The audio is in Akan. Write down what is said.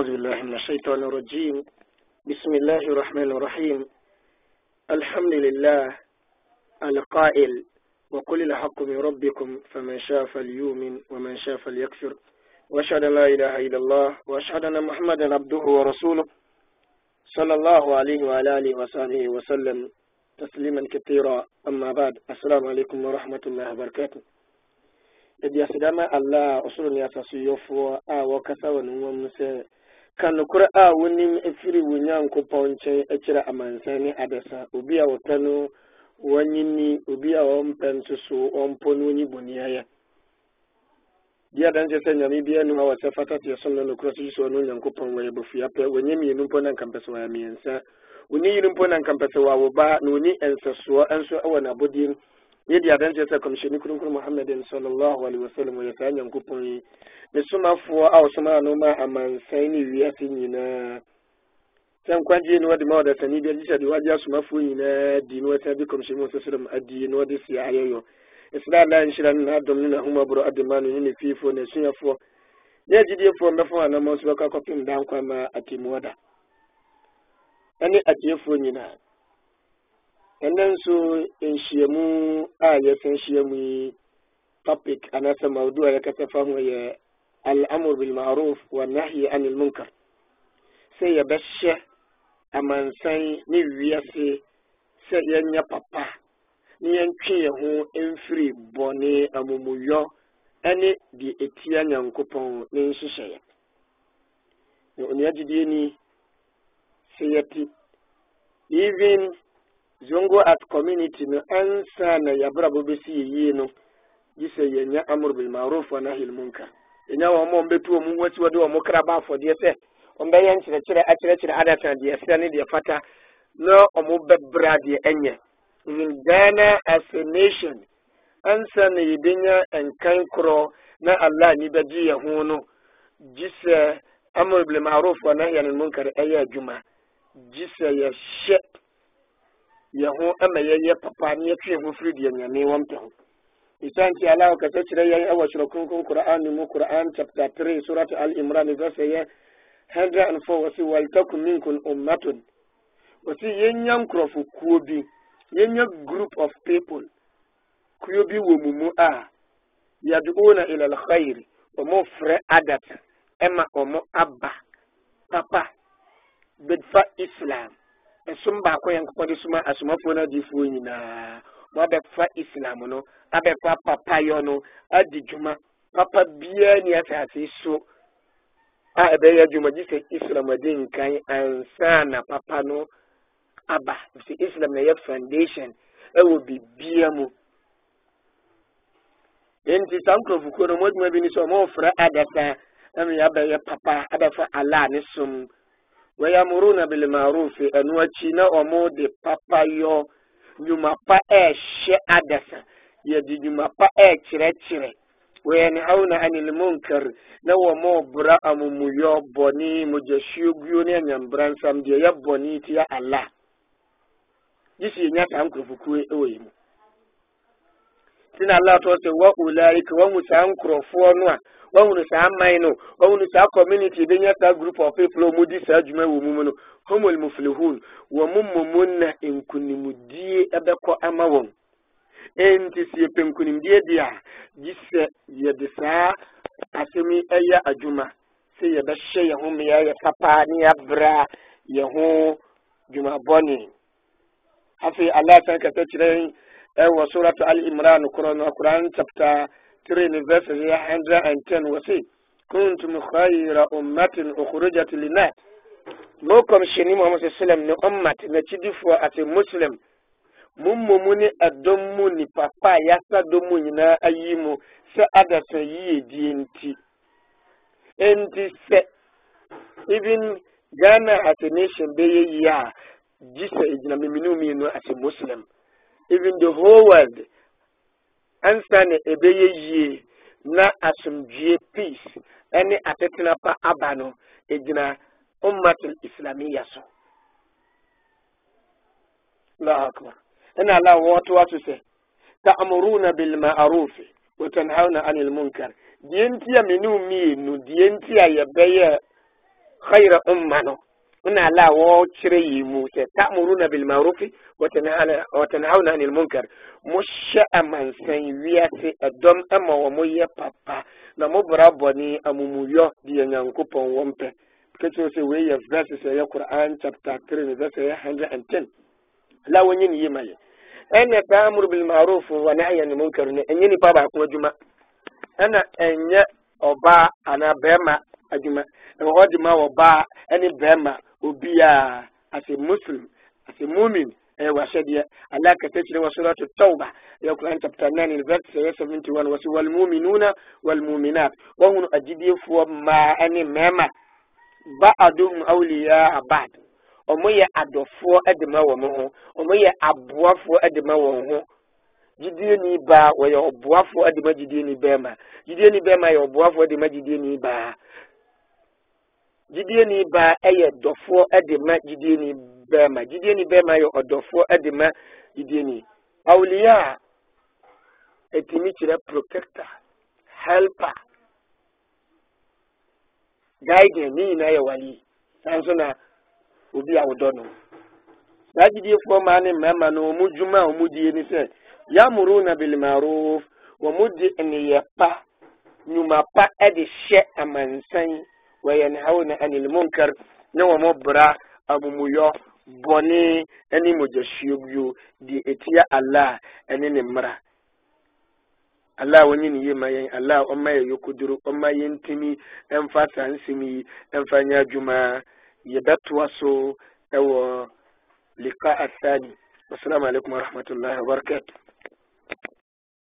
أعوذ بالله من الشيطان الرجيم بسم الله الرحمن الرحيم الحمد لله القائل وقل الحق من ربكم فمن شاء فليؤمن ومن شاء فليكفر وأشهد أن لا إله إلا الله وأشهد أن محمدا عبده ورسوله صلى الله عليه وعلى آله وصحبه وسلم تسليما كثيرا أما بعد السلام عليكم ورحمة الله وبركاته إذ يسلم الله أصول يساسي يفوى آوى كسوى Kanukura nokorɛ a wonim ɛfiri wo nyankopɔn nkyɛn akyerɛ amansan ne adasa obi a wɔpɛ no wɔnyini obi a wɔmpɛ nso so ɔmpo no wɔnyi bɔneayɛ deɛ adankyɛ sɛ nyame biara nim a wɔ sɛ fata teɛ som no nokorɛ so gyesɛ ɔno onyankopɔn wɔyɛ bafua pɛ wɔnyɛ mmienu mpo na nkampɛ sɛ wɔyɛ mmiɛnsa ɔni yiri mpo na nkampɛ sɛ wɔawo na ɔni ɛnsɛsoɔ nso wɔ n'abɔdeɛ mu yɛde adankyɛ sɛ kɔmhyɛni kronkron mohammadin sallallahu alaihi wasallam yɛ saa nyankopɔn yi ne somafoɔ a ɔsomaa no ma amansan ne wiase nyinaa sɛ nkwagye ne wɔde ma sani bi agye sɛ de wɔagye asomafoɔ nyinaa di ne wɔsan bi kɔmhyɛni mu sɛsɛdɛm adi ne wɔde sie ayɛyɔ ɛsrɛ ada nhyira ne n'adɔm ne n'ahomaborɔ adema no ne ne fiefoɔ ne asuafoɔ ne agyidiefoɔ mmɛfo anammɔ nso bɛkɔ akɔpem da nkwa ma atemmuada ɛne atiefoɔ nyinaa ɛnɛ nso nhyiamu a yɛsɛ nhyiamu yi topic anaasɛ mawdu a yɛkasa fa ho yɛ al'amur bil ma'ruf wa nahyi anil munkar sɛ yɛbɛhyɛ amansan ne wiase sɛ yɛnyɛ papa ne yɛntwe yɛn ho mfiri bɔne amumuyɔ ne deɛ ɛtia nyankopɔn ne nhyehyɛeɛ na onua gyidie ni sɛ yɛte even Zungu at community no ɛnsa na yɛabrabɔ bɛsi yɛ yie no gye sɛ yɛnya amoro bilmaruf wa nahil munka ɛnya wɔn ma ɔmbɛtu wɔn wɔsi wɔde wɔn kra ba afɔdeɛ sɛ ɔmbɛyɛ nkyerɛkyerɛ akyerɛkyerɛ adasa deɛ ɛsɛ ne deɛ fata na ɔmo bɛbra deɛ ɛnyɛ even ghana as a nation ɛnsa na yɛbɛnya nkan korɔ na allah ni bɛgye yɛn ho no gye sɛ amoro bilmaruf wa nahil munkar ɛyɛ adwuma gye sɛ yɛhyɛ yɛn ho ma yɛyɛ papa ne yɛtwe ho firi deɛ nyame wɔ mpɛ ho ɛsiane nti ala ɔkasa kyerɛ yɛn ɛwɔ kyerɛ kronkron quran no mu quran chapter 3 surat al imran ne verse yɛ 104 wɔsi waltakum minkum ummatun wɔsi yɛnya nkurɔfo kuo bi yɛnya group of people kuo bi wɔ mu mu a yad'una ila alkhair wɔn adat ɛma wɔn aba papa bɛfa islam ɛsom baako yɛ nkokɔ de suma asomafoɔ no adiifoɔ nyinaa mo abɛfa islam no abɛfa papayɔ no adi dwuma papa biara ni asase so a ɛbɛyɛ adwuma gye sɛ islam adi nkan ansa na papa no aba sɛ islam na yɛ foundation ɛwɔ bibia mu nti saa nkurɔfokuo no mo adwuma bi ni sɛ ɔmo ɔfra adaka ɛmi abɛyɛ papa abɛfa ala ne som. wayamuruna bil ma'ruf ɛno akyi na ɔmo de papayɔ nnwuma pa ɛɛhyɛ adasa yɛde nnwuma pa ɛɛkyerɛkyerɛ wɔyɛnhauna anil munkar na wɔmo bra amumuyɔ bɔne mogyasuo guo ne anyambransam deɛ yɛ bɔne tia ala gye sɛ yɛnya saa nkurɔfokuo ɛwɔ yɛ mu sina allah tɔgɔ se wa ulari wɔn mu saa nkurɔfoɔ no a wɔn mu saa man no wɔn mu saa community bi nya saa group of people a wɔn di saa adwuma wɔ mu mu no homol muflihun wɔn mu mɔmɔ na nkunimdie ɛbɛkɔ ama wɔn nti sɛ yɛpɛ nkunimdie deɛ a gyi sɛ yɛde saa asɛm yi ɛyɛ adwuma sɛ yɛbɛhyɛ yɛn ho mmea yɛ papa ne yɛabra yɛn ho dwumabɔne afei allah san kasa kyerɛ ẹ wọ suratu al-imran kúrọ́nù quran chapter three ní verse hundred and ten wọ́n sì kuntum khayra ummatin ukhrijat linnas mo komishini muhammad sallam ni ummat na cidifo ati muslim mun mumu ni adon mu ni papa ya sa don mu nyina ayi mu sɛ adasa yie die enti sɛ even ghana ati nation bɛyɛ yie a gyi sɛ egyina miminu mienu ati muslim even the whole world ɛnsa na ɛbɛyɛ yie na asomdwie peace ɛne atetena pa aba no ɛgyina ummatul islamiya so الله أكبر أنا لا واتواتسه تأمرون بالمعروف وتنهون عن المنكر دينتيا منو مينو دينتيا يبيا خير أمنا إن الله وشري موسى تأمرون بالمعروف وتنهون عن المنكر مش أمان سين وياسي أدوم أما ومويا بابا نمو برابوني أمو مويو دي ينكوبا ومبا كتو سوية فلاسي سيا قرآن chapter 3 نزاسة 110 لا ونين يمالي أنا تأمر بالمعروف ونعي عن المنكر أنيني بابا أكوا جمع أنا أنيا أبا أنا بما أجمع أنا أجمع أبا أني بما obiara asɛ muslim asɛ mumin ɛyɛ wahyɛdeɛ ala kasa kyerɛ wɔ suratu tauba ɛyɛ quran chapter 9 verse ɛyɛ 71 wɔ sɛ walmuminuna walmuminat wɔhono agyidiefoɔ mmaa ne mmarima ba'aduhum awliyaa ba'd ɔmo yɛ adɔfoɔ de ma wɔn ho ɔmo yɛ aboafoɔ de ma wɔn ho gyidieni baa wɔyɛ ɔboafoɔ de ma gyidieni bɛrima gyidieni bɛrima yɛ ɔboafoɔ de ma gyidieni baa gyidieni ba yɛ dɔfoɔ de ma gyidieni bɛrima gyidieni bɛrima yɛ ɔdɔfoɔ de ma gyidieni awulia a etimi kyerɛ protector helper guardian ne nyinaa yɛ wali nanso na obi a wodɔ no saa gyidiefoɔ mmaa ne mmarima no wɔn dwuma a wɔn die ne sɛ yamuru na bilimaro wɔn di nneyɛ pa nnwuma pa de hyɛ amansan. وينهون عن المنكر نو مبرا أبو ميو بوني أني مجشيبيو دي إتيا الله أني نمرا Allah wani ne yi mayan Allah on maye ya kuduru on mayan timi ɗan fata hansimi ɗan fanya juma ya datuwa so ɗawa lika asali. Assalamu alaikum wa rahmatullahi wa barakatuh.